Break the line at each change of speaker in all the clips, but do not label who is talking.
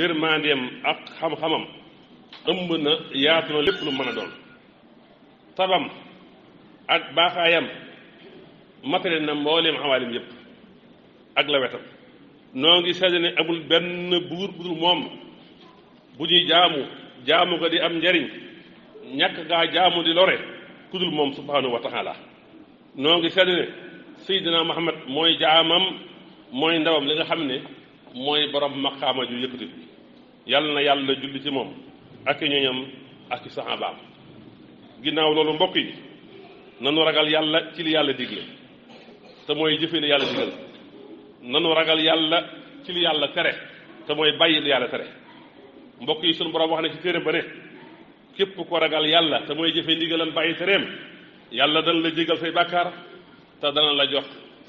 yërmandeem ak xam-xamam ëmb na yaatu na lépp lu mën a doon tabam ak baaxaayam matale na mbooleem xawaalim yépp ak la wetam noo ngi seede ne amul benn buur bu moom bu ñuy jaamu jaamu ko di am njariñ ñàkk gaa jaamu di lore ku dul moom subhanahu wa noo ngi seede ne seydina muhammad mooy jaamam mooy ndawam li nga xam ne mooy borom maqaama ju yëkkati yàlla na yàlla julli ci moom ak i ñoñam ak i saxaabaam ginnaaw loolu mbokk yi nanu ragal yàlla ci li yàlla digle te mooy jëfe li yàlla digal nanu ragal yàlla ci li yàlla tere te mooy bàyyi li yàlla tere mbokk yi sunu borom wax na ci téere ba ne képp ko ragal yàlla te mooy jëfe ndigalam bàyyi tereem yàlla dana la jégal say bàkkaar te dana la jox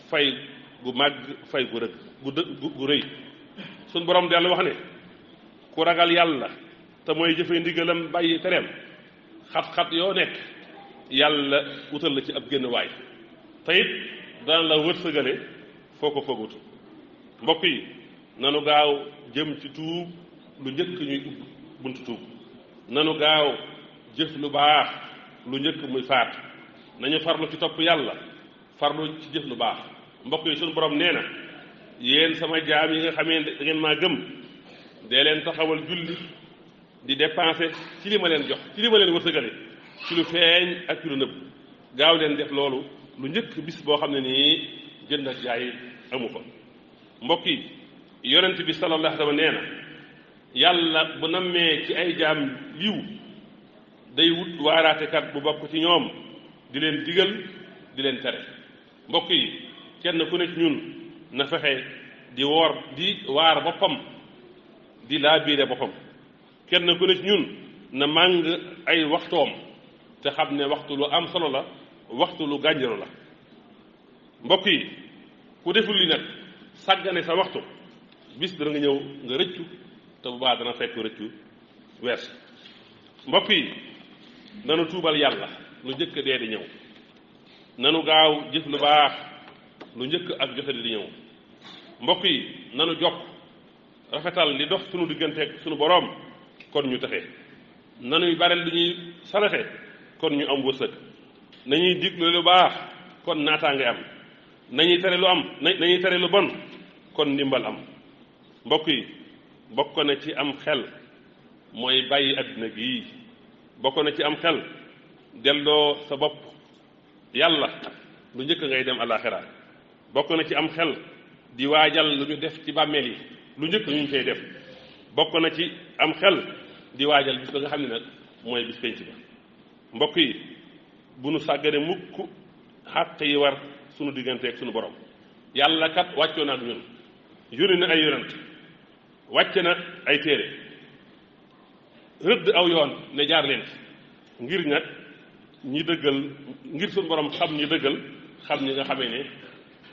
fay gu màgg fay gu rëg gu dë gu rëy sunu borom di yàlla wax ne ku ragal yàlla te mooy jëfe ndigalam bàyyi tereem xat-xat yoo nekk yàlla wutal la ci ab génn waay te it la wërsëgale foo ko foogutu mbokk yi nanu gaaw jëm ci tuub lu njëkk ñuy ubb buntu tuub nanu gaaw jëf lu baax lu njëkk muy faat nañu farlu ci topp yàlla farlu ci jëf lu baax mbokk yi suñu borom nee na yéen sama jaam yi nga xamee da ngeen maa gëm dee leen taxawal julli di dépenser ci li ma leen jox ci li ma leen wërsëgale ci lu feeñ ak ci lu nëbb gaaw leen def loolu lu njëkk bis boo xam ne nii jënd ak jaay amu fa mbokk yi yonent bi sallallahu alayhi wa sallam nee na yàlla bu nammee ci ay jaam yiw day wut waaraatekat bu bokk ci ñoom di leen digal di leen tere mbokk yi kenn ku ne ci ñun na fexe di woor di waar boppam di laa biire boppam kenn ku ne ci ñun na màng ay waxtoom te xam ne waxtu lu am solo la waxtu lu gànjaru la mbokk yi ku deful li nag sàggane sa waxtu bis dana nga ñëw nga rëccu te bu baax dana fekk rëccu wees mbokk yi nanu tuubal yàlla lu njëkk dee di ñëw nanu gaaw jëf lu baax lu njëkk ak joxe di ñëw mbokk yi nanu jokk rafetal li dox sunu digganteeg sunu boroom kon ñu taxe nanuy bareel lu ñuy saraxe kon ñu am wërsëg nañuy digle lu baax kon naataange am nañuy tere lu am nañuy tere lu bon kon ndimbal am mbokk yi bokk na ci am xel mooy bàyyi àddina gii bokk na ci am xel delloo sa bopp yàlla lu njëkk ngay dem àllaaxira bokk na ci am xel di waajal lu ñu def ci bàmmeel yi lu njëkk ñu cay def bokk na ci am xel di waajal bis ba nga xam ne nag mooy bis penc ba mbokk yi bu nu sàggane mukk xàq yi war sunu diggante ak sunu borom yàlla kat wàccoo na ak ñun yónni na ay yonant wàcc na ay téere rëdd aw yoon ne jaar leen ngir nag ñi dëggal ngir sunu borom xam ñi dëggal xam ñi nga xamee ne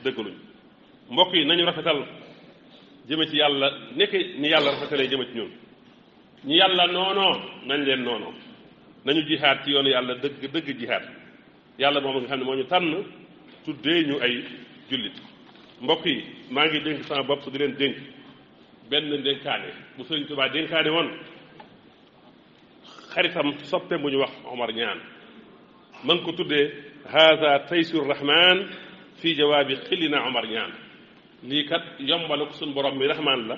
dëggaluñ mbokk yi nañu rafetal jëme ci yàlla nekk ni yàlla rafetalee jëme ci ñun ñi yàlla noonoo nañ leen noonoo nañu jihaat ci yoonu yàlla dëgg dëgg jihaat yàlla moom nga xam ne moo ñu tànn tuddee ñu ay jullit mbokk yi maa ngi dénk sama bopp di leen dénk benn dénkaane bu Sëriñ Tuubaa dénkaane woon xaritam soppe bu ñu wax Omar ñaan ma ngi ko tuddee haza taysir rahman fi jawaabi xilli Omar ñaan lii kat yombaluk suñu borom bi rahmaan la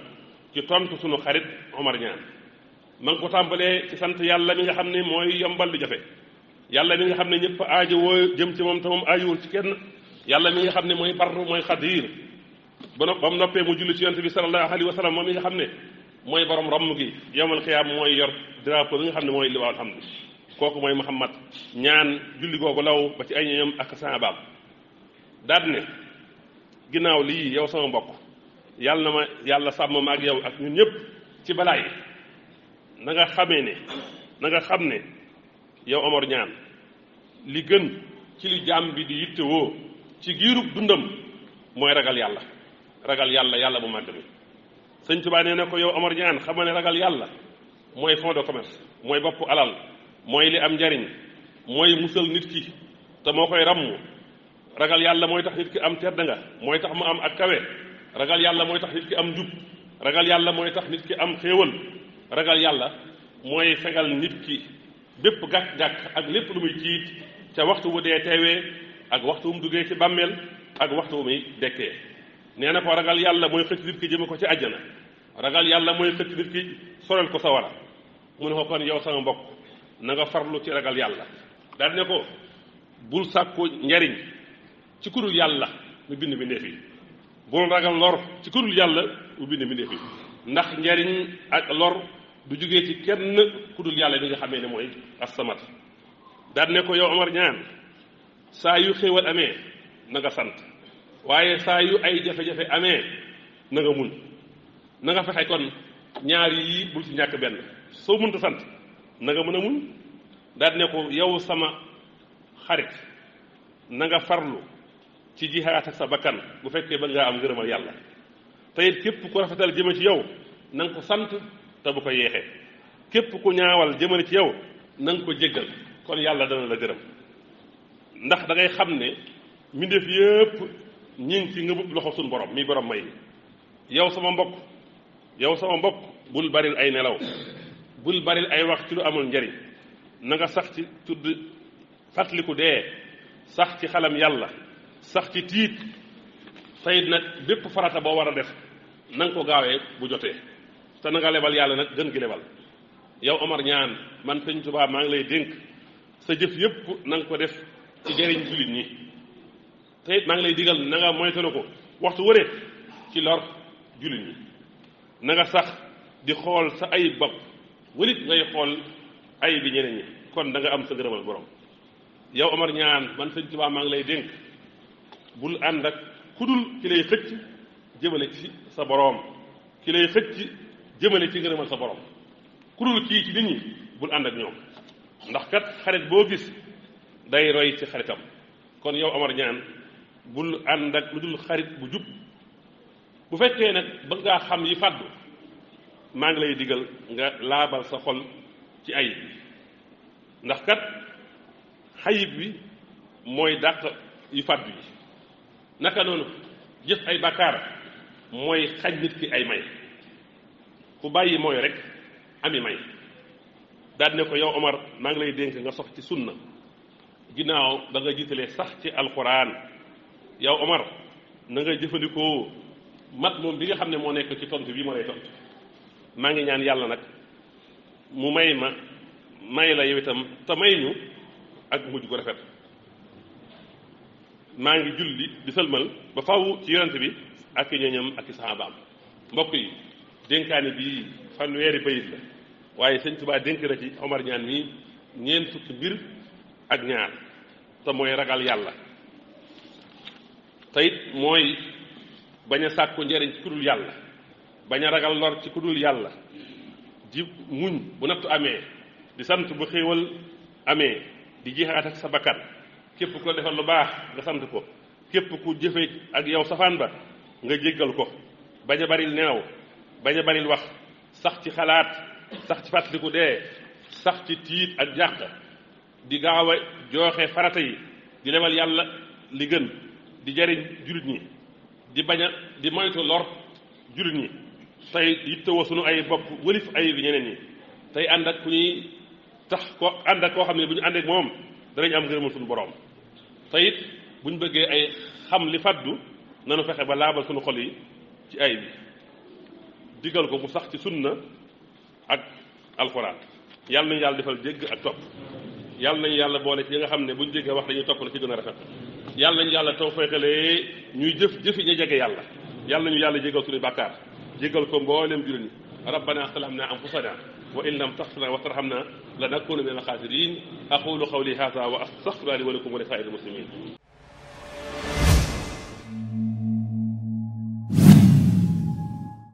ci tontu suñu xarit Omar Ñaan ma ko tàmbalee ci sant yàlla mi nga xam ne mooy yombal lu jafe yàlla mi nga xam ne ñëpp aajo woo jëm ci moom te moom aajowul ci kenn yàlla mi nga xam ne mooy barru mooy xadiir ba ba mu noppee mu julli ci yonent bi sallallahu alayhi wa sallam moom mi nga xam ne mooy borom romm gi yawmal xiyaam mooy yor drapeau bi nga xam ne mooy liwaal hamd kooku mooy Muhammad ñaan julli googu law ba ci ay ñoom ak saabaam daal ne ginnaaw lii yow sama mbokk yàlla na ma yàlla sàmm ma ak yow ak ñun ñëpp ci balaa yi na nga xamee ne na nga xam ne yow Omar ñaan li gën ci li jaam bi di yittewoo ci giirub dundam mooy ragal yàlla ragal yàlla yàlla mu màgg mi sëñ Tuubaa nee na ko yow Omar ñaan xam ne ragal yàlla mooy fond de commerce mooy bopp alal mooy li am njariñ mooy musal nit ki te moo koy ràmm ragal yàlla mooy tax nit ki am tedd nga mooy tax mu am ak kawe ragal yàlla mooy tax nit ki am njub ragal yàlla mooy tax nit ki am xéewal ragal yàlla mooy fegal nit ki bépp gàkk-gàkk ak lépp lu muy jiit ca waxtu wu dee teewee ak waxtu wu mu duggee ci bàmmeel ak waxtu wu muy dekkee nee na ko ragal yàlla mooy xëcc nit ki jëme ko ci àjjana ragal yàlla mooy xëcc nit ki sorel ko sawara mu ne ko kon yow sama mbokk na nga farlu ci ragal yàlla daal ne ko bul sàkku njariñ ci kurul yàlla mu bind mbindéef yi bul ragal lor ci kurul yàlla mu bind mbindéef yi ndax njariñ ak lor du jógee ci kenn kudul yàlla bi nga xamee ne mooy as-samad ko yow Omar ñaan saa yu xéewal amee nanga sant waaye saa yu ay jafe-jafe amee nanga nga muñ na nga fexe kon ñaar yii bul ci ñàkk benn soo mënta sant na nga mën a muñ daan ko yow sama xarit na nga farlu ci jihaat sa bakkan bu fekkee ba ngaa am ngërëmal yàlla te képp ku rafetal jëme ci yow na ko sant te bu ko yeexee képp ku ñaawal jëmale ci yow na nga ko jéggal kon yàlla dana la gërëm ndax da xam ne mbindeef yépp ñi ngi ci ngëbub loxo suñu borom mi borom may yow sama mbokk yow sama mbokk bul baril ay nelaw bul baril ay wax ci lu amul njariñ nanga sax ci tudd fàttaliku dee sax ci xalam yàlla sax ci tiit tayit na bépp farata boo war a def nanga ko gaawee bu jotee te na lebal yàlla nag gën gi lebal yow Omar ñaan man sëñ Tuubaa maa ngi lay dénk sa jëf yëpp na nga ko def ci jëriñ jullit ñi tayit maa ngi lay digal na nga moytanu ko waxtu wëre ci lor jullit ñi na sax di xool sa ayib bopp walit ngay xool ayib bi ñeneen ñi kon da nga am sa ngërëmal borom yow Omar ñaan man sëñ Tuubaa maa ngi lay dénk bul ànd ak ku dul ki lay xëcc jëmale ci sa boroom ki lay xëcc jëmale ci ngërëmal sa boroom ku dul kii ci nit ñi bul ànd ak ñoom ndax kat xarit boo gis day roy ci xaritam kon yow Omar ñaan bul ànd ak lu dul xarit bu jub bu fekkee nag ba ngaa xam yi fàddu maa ngi lay digal nga laabal sa xol ci ayib bi ndax kat xayib bi mooy dàq yi fàddu yi naka noonu jëf ay bàkkaar mooy xaj nit ki ay may ku bàyyi mooy rek ami may daal ko yow Omar maa ngi lay dénk nga sox ci sunna ginnaaw ba nga jiitalee sax ci alxuraan yow Omar na nga jëfandikoo mat moom bi nga xam ne moo nekk ci tontu bii moo lay tontu maa ngi ñaan yàlla nag mu may ma may la yow itam te may ñu ak mujj gu rafet maa ngi julli di sëlmal ba faw ci yonent bi ak i ñooñam ak i saxaabaam mbokk yi dénkaani bii fanweeri bayit la waaye sëñ Tuubaa dénk na ci Omar ñaan mii ñeent fukki mbir ak ñaar te mooy ragal yàlla te mooy bañ a sàkku njariñ ci kudul yàlla bañ a ragal lor ci kudul yàlla di muñ bu nattu amee di sant bu xéewal amee di jihaat ak sa bakkan képp ku la defal lu baax nga sant ko képp ku jëfe ak yow safaan ba nga jéggal ko bañ a baril neew bañ a baril wax sax ci xalaat sax ci fàttaliku dee sax ci tiit ak jàq di gaaw a jooxe farata yi di lebal yàlla li gën di jariñ jullit ñi di bañ a di moytu lor jullit ñi tey yittewoo sunu ay bopp wëlif ay bi ñeneen ñi tey ànd ak ku ñuy tax ko ànd ak koo xam ne bu ñu ànd ak moom danañ am ngërëmal suñu boroom te bu buñ bëggee ay xam li faddu nanu fexe ba laabal suñu xol yi ci ay bi digal ko bu sax ci sunna ak alxuraan yàlla nañu yàlla defal dégg ak topp yàlla nañu yàlla boole ci yi nga xam ne buñ déggee wax dañuy topp la ci gën a rafet yàlla nañu yàlla taw feexalee ñuy jëf jëfi ñu jege yàlla yàlla nañu yàlla jégal suñu bàkkaar jégal ko mboolem jullit ñi rabbana aslamna anfusana wa in lam taxfir wa tarhamna lanakuuna min al-xaasiriin aqulu qawli haaza wa astaxfirullaaha lii wa lakum wa li saa'iril muslimiin